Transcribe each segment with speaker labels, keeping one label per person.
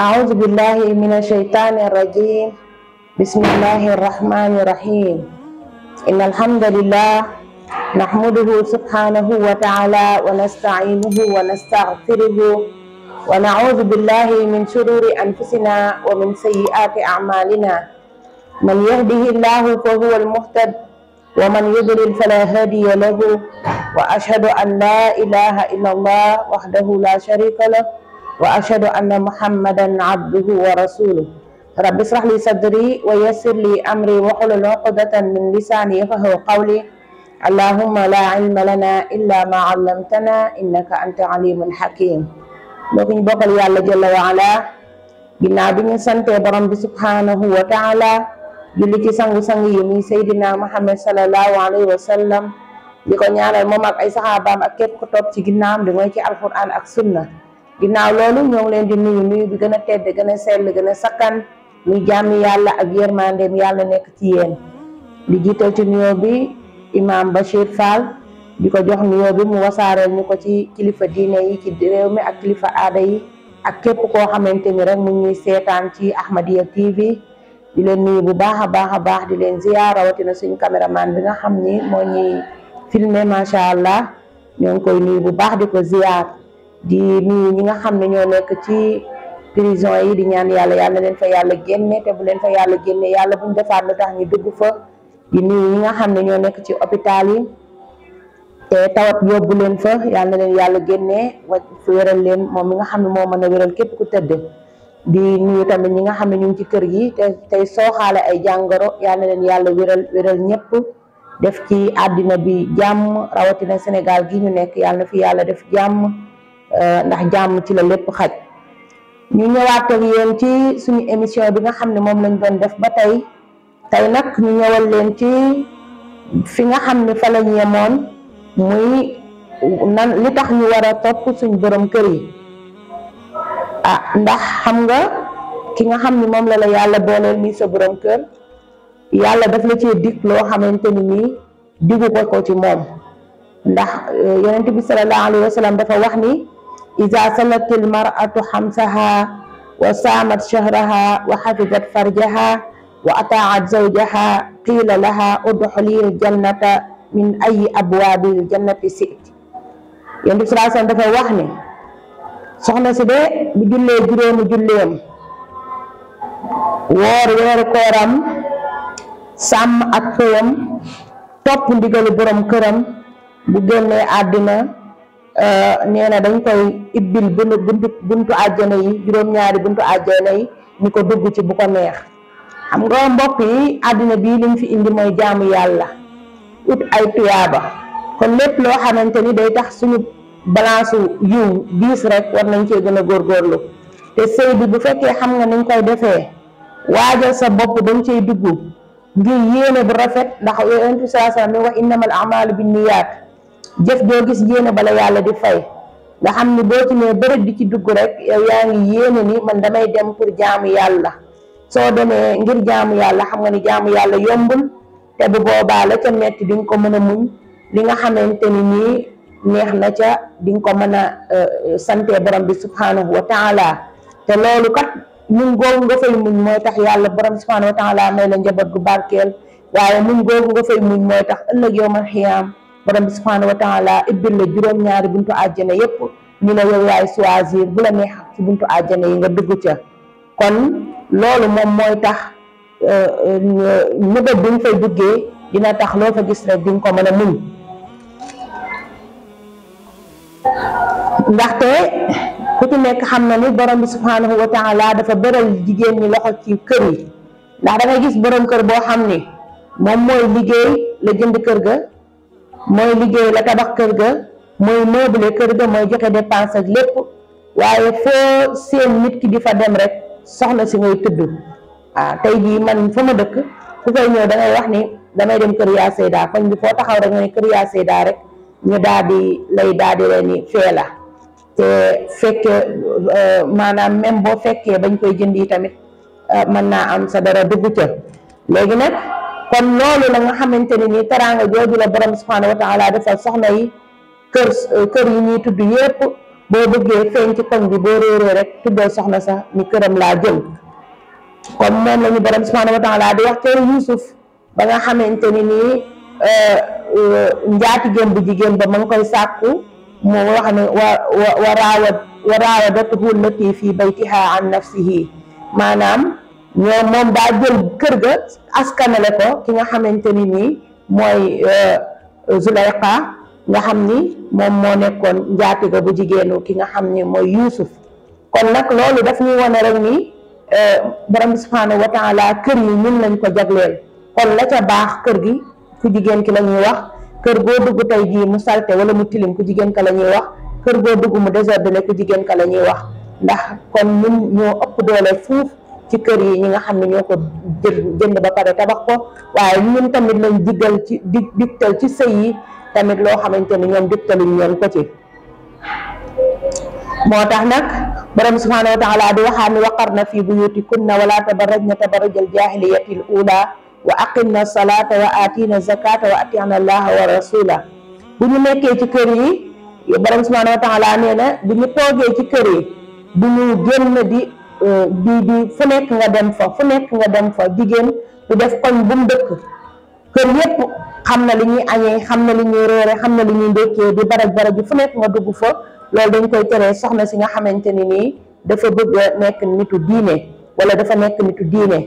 Speaker 1: أعوذ بالله من الشيطان الرجيم بسم الله الرحمن الرحيم إن الحمد لله نحمده سبحانه وتعالى ونستعينه ونستغفره ونعوذ بالله من شرور أنفسنا ومن سيئات أعمالنا من يهده الله فهو المهتد ومن يضلل فلا هادي له وأشهد أن لا إله إلا الله وحده لا شريك له واشهد ان محمدا عبده ورسوله رب اشرح لي صدري ويسر لي امري وقل عقدة من لساني يفقهوا قولي اللهم لا علم لنا الا ما علمتنا انك انت عليم حكيم بوكن بوكل يالا جل وعلا غينا بيني سانتي بروم سبحانه وتعالى جولي سي سانغ يمي سيدنا محمد صلى الله عليه وسلم ديكو نيانال مومك اي صحابام اك كيب كو توب القران اك ginnaaw loolu ñoo leen di nuyu nuyu bi gën a tedd gën a sell gën a sakkan muy jàmmi yàlla ak yërmandeem yàlla nekk ci yéen di jiital ci nuyoo bi imam Bachir Fall di ko jox nuyoo bi mu wasaareel ñu ko ci kilifa diine yi ci réew mi ak kilifa aada yi ak képp koo xamante ni rek mu ñuy seetaan ci Ahmadiyya TV di leen nuyu bu baax a baax a baax di leen ziyaar rawatina suñu caméraman bi nga xam ni moo ñuy filmer macha allah ñoo ngi koy nuyu bu baax di ko ziyaar. di ni ñi nga xamne ne ñoo nekk ci prison yi di ñaan yalla yalla leen fa yalla genné té bu leen fa yalla genné yalla buñu defaat lu tax ñu dugg fa di ni ñi nga xamne ne ñoo nekk ci hôpital yi té e, tawat yobul leen fa yalla leen yàlla génne wa wéral leen mom mi nga xamne mo moo mën wéral képp ku tedd di ni tam ñi nga xamne ñu ci kër gi te tey sooxaale ay jangoro yalla leen yalla wéral wéral ñëpp def ci adina bi rawati na senegal gi ñu nek yalla fi yalla def jamm Eh, ndax jamm ci la lepp xaj ñu ñëwaat ak yeen ci suñu émission bi nga xamne mom lañ doon def ba tay tay nak ñu ñëwal leen ci fi nga xamne fa lañ yémon muy nan li tax ñu wara top suñu borom kër yi ah ndax xam nga ki nga xamne mom la la yalla booleel muy sa borom kër yalla daf la ci dik lo xamanteni ni digu ko ko ci mom ndax eh, yaronte bi sallallahu alaihi wasallam dafa wax ni Iza salatil mar'atu hamsaha wa samat syahraha wa hafizat farjaha wa ata'at zawjaha qila laha udhulil jannata min ayy abwabil jannati sit yang di selasa dafa wax ni soxna ci de bu julle juroom koram sam ak topun top karam, borom keuram adina Euh, nee na dañ koy ibbil bun buntu buntu àjjana yi juróom-ñaari buntu àjjana yi ni ko dugg ci bu ko neex xam nga mbokk yi àddina bii liñ fi indi mooy jaamu yàlla ut ay tuyaaba kon lépp loo xamante ni day tax suñu balance yiw diis rek war nañ cee gën a góorgóorlu te sëy bi bu fekkee xam nga niñ koy defee waajal sa bopp ba mu cay dugg ngir yéene bu rafet ndax yonent bi sallallahu alayhi wa sallam wax innamal a'maalu binniyaat jëf joo gis yéene bala yalla di fay nga xamni ni ci ne bërëb di ci dugg rek yow yaangi ngi ni man damay dem pour jaamu yalla so demé ngir jaamu yalla xam nga ni jaamu yalla yombul té bu boba la ca metti di ko muñ li nga xamanteni ni neex na ca di ko mëna euh, santé borom bi subhanahu wa taala te lolu kat muñ googu nga fay muñ moy tax yalla borom subhanahu wa taala may la njaboot gu barkeel waaye muñ googu nga fay muñ moy tax ëllëg yow ma borom bi subhaanahu wa taala ibbil la juróom-ñaari buntu àjjana yépp ñu ne yow yaay choisir bu la neex ci buntu àjjana yi nga dugg ca kon loolu moom mooy tax mëbët euh, euh, bi nga fay duggee dina tax loo fa gis rek di ko mën a muñ ndaxte ku ci nekk xam na ni borom bi subhaanahu wa taala dafa bëral jigéen ñi loxo ci kër yi ndax dangay gis borom kër boo xam ni moom mooy liggéey la jënd kër ga mooy liggéey la tabax kër ga mooy meuble kër ga mooy joxe dépense lépp waaye foo seen nit ki di fa dem rek soxna si ngay tëdd waaw ah, tey jii man fa ma dëkk ku fay ñëw da wax ni damay dem kër yaa Seydaa koñ bi foo taxaw rek nga ne kër yaa Seydaa rek ñu daal di lay daal di leen ni fee te fekkee euh, maanaam même boo fekkee bañ koy jënd yi tamit ah, mën naa am sa dara dugg ca léegi nag kon loolu la nga xamanteni ni teranga jodi la borom subhanahu wa taala defal soxna yi keur keur yi ni tuddu yépp bo bëggee feeñ ci koñ bi bo réeree rek tuddo soxna sa ni këram la jël kon moom lañu borom subhanahu wa taala di wax teeru yusuf ba nga xamanteni ni nii gem bu jigen ba mang koy sakku mo wax ni wa wa wa raawad wa raawadatuhu llatii fii an nafsihi manam ñoom moom daa jël kër ga askanale ko ki nga xamante ni nii mooy euh, Zulayqa nga xam ni moom moo nekkoon njaatiga bu jigéenu ki nga xam ni mooy Yuusuf kon nag loolu daf ñuy wane rek ni euh, borom bi subhaanahu wa taala kër yi ñun lañ ko jagleel kon la ca baax kër gi ku jigéen ki la ñuy wax kër goo dugg tey jii mu salte wala mu tilim ku jigéen ka la ñuy wax kër goo dugg mu désordonné ku jigéen ka la wax ndax kon ñun ñoo ëpp doole fuuf ci kër yi ñi nga xam ne ñoo ko jë jënd ba pare tabax ko waaye ñun tamit lañ diggal ci di digtal ci sëy yi tamit loo xamante ni ñoom digtaluñ ñoon ko ci moo tax nag borom subhaanahu wa taala di waxaat ni waqar na fii buyutikunna wala tabarajna tabarajal jaahiliyatil ula wa aqimna salata a atina zakata wa atina allaha wa rasula bu ñu nekkee ci kër yi borom subhaanahu wa taala nee na bu ñu toogee ci kër yi bu ñu génn di Eh, di di fu nek nga dem fa fu nek nga dem fa digeen du def kon bu mu dëkk kër yépp xam li ñuy añee xamna li ñuy rore xamna li ñuy ndékkee di baraj baraj fu nek nga dugg fa lool dañ koy téré soxna si nga xamanteni ni dafa bëgg nek nitu diiné wala dafa nek nitu diiné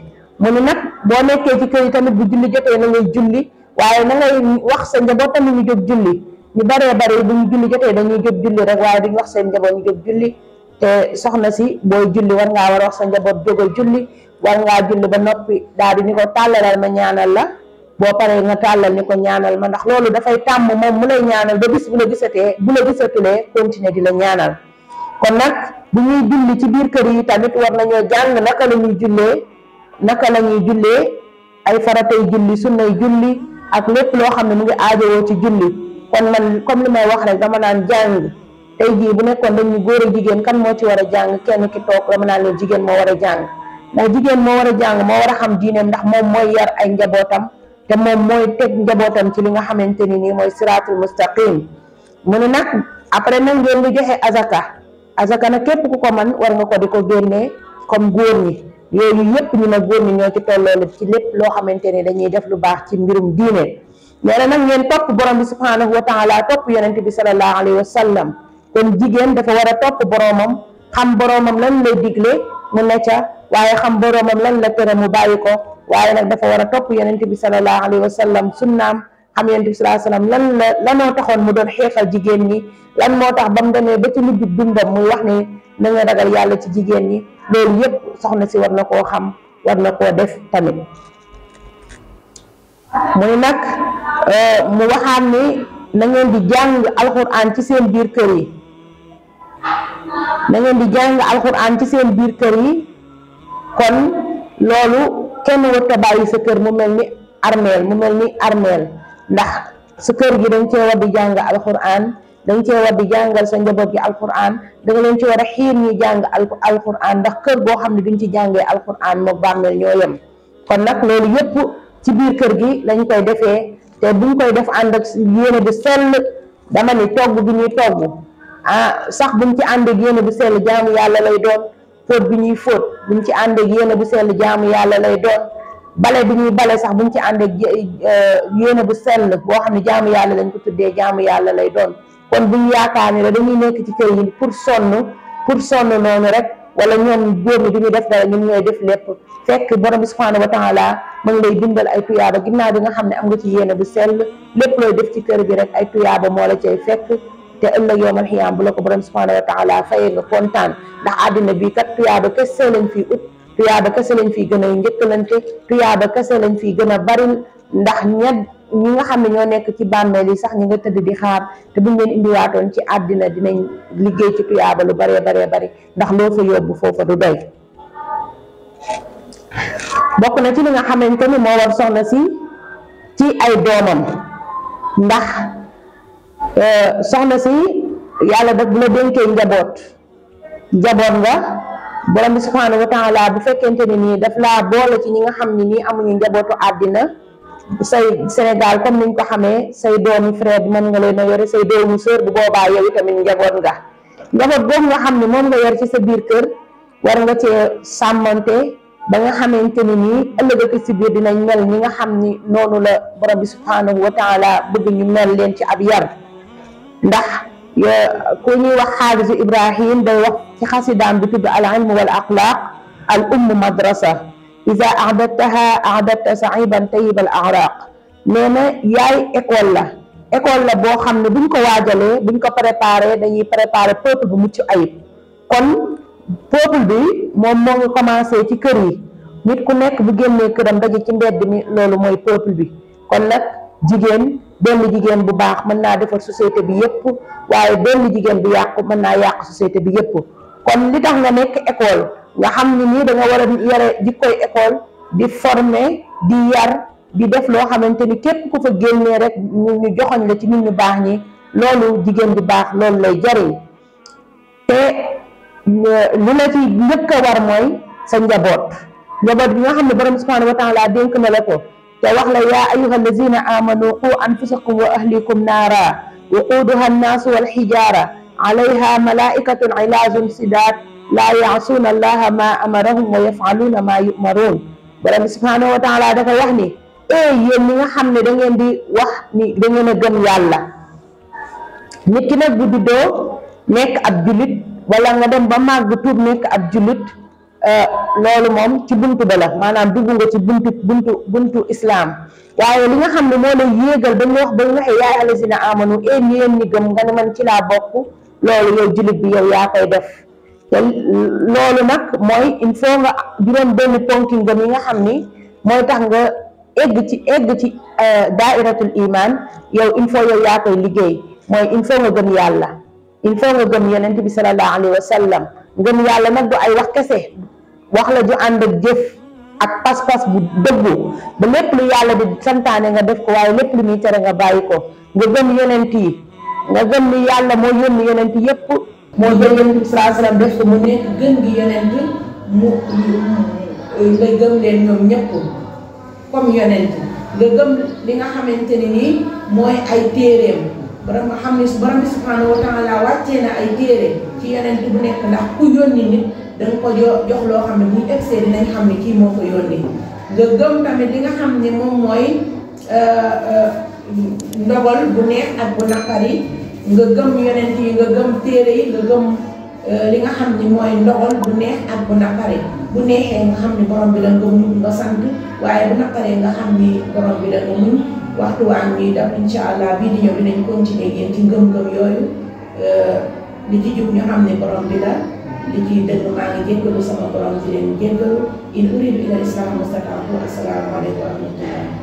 Speaker 1: mu ni nak bo nekké ci kër yi tamit bu julli jotté na ngay julli waye na ngay wax sa njaboot tamit ñu jog julli ñu bare bare bu ñu julli jotté dañuy jog julli rek waye duñ wax sa njaboot ñu jog julli te soxna ci booy julli war nga war wax sa njabot jógal julli war nga julli ba nopi daal di ni ko ma ñaanal la bo pare nga talal ni ko ñaanal ma ndax da fay tam mom mu lay ñaanal ba bis bu la gisete bu la gisatulee continue di la ñaanal kon nak bu ñuy julli ci biir kër yi tamit war nañu jang naka la ñuy julle naka la ñuy julle ay faratay julli sunnay julli ak lepp lo xamne mu ngi aajo ci julli kon man comme limay wax rek dama nan jang tey jii bu nekkoon dañu góor a jigéen kan moo ci war a jàng kenn ki toog dama naa leen jigéen moo war a jàng ndax jigéen moo war a jàng moo war a xam diineem ndax moom mooy yar ay njabootam te moom mooy teg njabootam ci li nga xamante ni nii mooy siraatul mustaqim mu ne nag après nag ngeen di joxe azaka azaka na képp ku ko man war nga ko di ko génnee comme góor ñi yooyu yëpp ñu ne góor ñi ñoo ci tolloolu ci lépp loo xamante ni dañuy def lu baax ci mbirum diine nee na ngeen topp borom bi subhanahu wa taala topp yonent bi sallallahu alayhi wa sallam kon jigen dafa wara top boromam xam boromam lan lay diglé mu necca waye xam boromam lan la téré mu bayiko waye nak nag dafa wara top yenenbi yonent bi salallahu alayhi wa sallam xam yenenbi sallallahu alaihi wasallam lan la no taxoon mu don xeexal jigen ni lan motax bam dañé ba ci nit dundam muy wax ni da nga ragal yalla ci jigen ni lool yépp soxna ci war na xam war na def tamit mu nak euh mu waxaat ni na ngeen di jang alxuraan ci seen bir keur yi dañu di jang alxuraan ci seen biir keur yi kon lolu kenn ta bayyi sa keur mu melni armel mu melni armel ndax sa keur gi dañ ci war di jàng alxuraan dañ ci war di jàngal sa njabot gi alxuraan da nga leen ci wara xir xiir jang ndax keur bo xamni duñ ci mo bamel ñoo kon nak lolu yépp ci biir keur gi lañ koy defee te buñ koy def ànd ak di sel dama ni togg bi ni togg ah sax buñ ci ànd ak yéene bu sell jaamu yàlla lay doon fóot bi ñuy fóot ñu ci ànd ak yéene bu sell jaamu yàlla lay doon bale bi ñuy bale sax bu buñ ci ànd ak eh, yéene bu sell boo xam ne jaamu yàlla lañ ko tuddee jaamu yàlla lay doon kon buñ yaakaar ne dañuy nekk ci kër yi pour sonn pour sonn noonu rek wala ñoom góor ñi du ñu def dara ñun ñooy def lépp fekk borom bi subhaanahu wa taala mu ngi lay bindal ay tuyaaba ginnaaw bi nga xam ne am nga ci yéene bu sell lépp looy def ci kër gi rek ay tuyaaba moo la cay fekk te ëllëg yowmal xiyaam bu la ko borom subhaanahu wa taala fayee nga kontaan ndax àddina bi kat tuyaaba kese lañ fi ut tuyaaba kese lañ fi gën a njëkkalante tuyaaba kese lañ fi gën a baril ndax ña ñi nga xam ne ñoo nekk ci bàmmeel yi sax ñi nga tëdd di xaar te buñ leen indiwaatoon ci àddina dinañ liggéey ci tuyaaba lu baree baree bari ndax loo fa yóbbu foofa du doy bokk na ci li nga xamante ni moo war soxna si ci ay doomam ndax Euh, soxna si yàlla daf bu la dénkee njaboot njaboot nga borom bi subhaanahu wa bu fekkente ni nii daf laa boole ci ñi nga xam ne nii amuñu njabootu àddina say Sénégal comme niñ ko xamee say doomi frère mën nga leen a yore say doomu sœur bu boobaa yow itamit njaboot nga njaboot boobu nga xam ne moom nga yor ci sa biir kër war nga cee sàmmante ba nga xamante ni nii ëllëg si biir dinañ mel ñi nga xam ni noonu la borom bi subhaanahu wa taala bëgg ñu mel leen ci ab yar ndax euh, ku ñuy wax xaalisu Ibrahim day wax ci xasidaam bi tudd al ilm wal axlaaq al umm madrasa ida ahbabtaha ahbabta saiban tayib al araq nee na yaay école la école la boo xam ne buñ ko waajalee buñ ko préparé dañuy préparé peuple bu mucc ayib kon peuple bi moom moo ngi commencé ci kër yi nit ku nekk bu génnee këram daje ci mbedd mi loolu mooy peuple bi kon nag jigéen benn jigéen bu baax mën naa defar société bi yépp waaye benn jigéen bu yàqu mën naa yàq société bi yépp kon li tax nga nekk école nga xam ni nii da nga war a yore jikkoy école di former di yar di def loo xamante ni képp ku fa génnee rek ñu ñu joxoñ la ci nit ñu baax ñi loolu jigéen bu baax loolu lay jariñ te li la ci njëkk a war mooy sa njaboot njaboot bi nga xam ne borom subhanahu wa taala dénk na la ko te wax la yaa ayuha allazina amanu qu anfusakum wa ahlikum naara waquuduha annaasu walxijaara alayha malaikatun ilaazun sidaat laa yaasuuna allaha ma amarahum wa yafaluuna ma yumaruun borom bi subhaanahu wa taala dafa wax ni ee ne da ngeen di wax ni da ngeen a gëm yàlla nit ki nag bu juddoo nekk ab jullit wala nga dem nekk ab Eh, loolu moom ci buntu ba la maanaam dugg nga ci buntu buntu buntu islaam waaye li nga xam ne moo lay yéegal ba ñu wax ba ñu waxee yaay alazina amanu een eh, yéen gëm nga ne man ci laa bokk loolu yow jullit bi yow yaa koy def te loolu nag mooy il faut nga juróom benn ponki ngëm yi nga xam ni mooy tax nga egg ci egg ci eh, daairatul iman yow il faut yow yaa koy liggéey mooy il faut nga gëm yàlla il faut nga gëm yonent bi sallallahu alayhi wa sallam yàlla nag du ay wax la ju and ak jëf ak pass pass bu dëggu ba lepp lu yalla di santane nga def ko way lepp lu mi tere nga bayiko nga gëm yonent nga gëm ni yalla mo yónni yonent yépp mo jël yonent bi salaa salaam def ko mu nekk gën gi yonent mu nga gëm leen ñoom ñëpp comme yonent nga gëm li nga xamanteni ni moy ay téeréem borom xamni borom subhanahu wa taala wacce na ay téere ci yonent bu nekk ndax ku yónni nit da ko jox loo xam ne bu ñu egsee dinañ xam ne kii moo ko yónni nga gëm tamit li nga xam ne moom mooy euh, euh, ndogal bu neex ak bu naqari nga gëm euh, nga xam ni mooy ndogal bu neex bu naqari bu neexee nga xam ni borom bi da nga muñ nga sant waaye bu naqaree nga xam ni borom bi da nga waxtu waa ñuy def incha allah bii di ñëw dinañ continuer yéen ci ngëm-ngëm yooyu li ci jub ñu xam ne borom bi la. li ciy dëgg maa ngi jéggalu sama borom di leen jéggalu in uridu ila islam mustata'tu assalaamu alaykum wa rahmatullah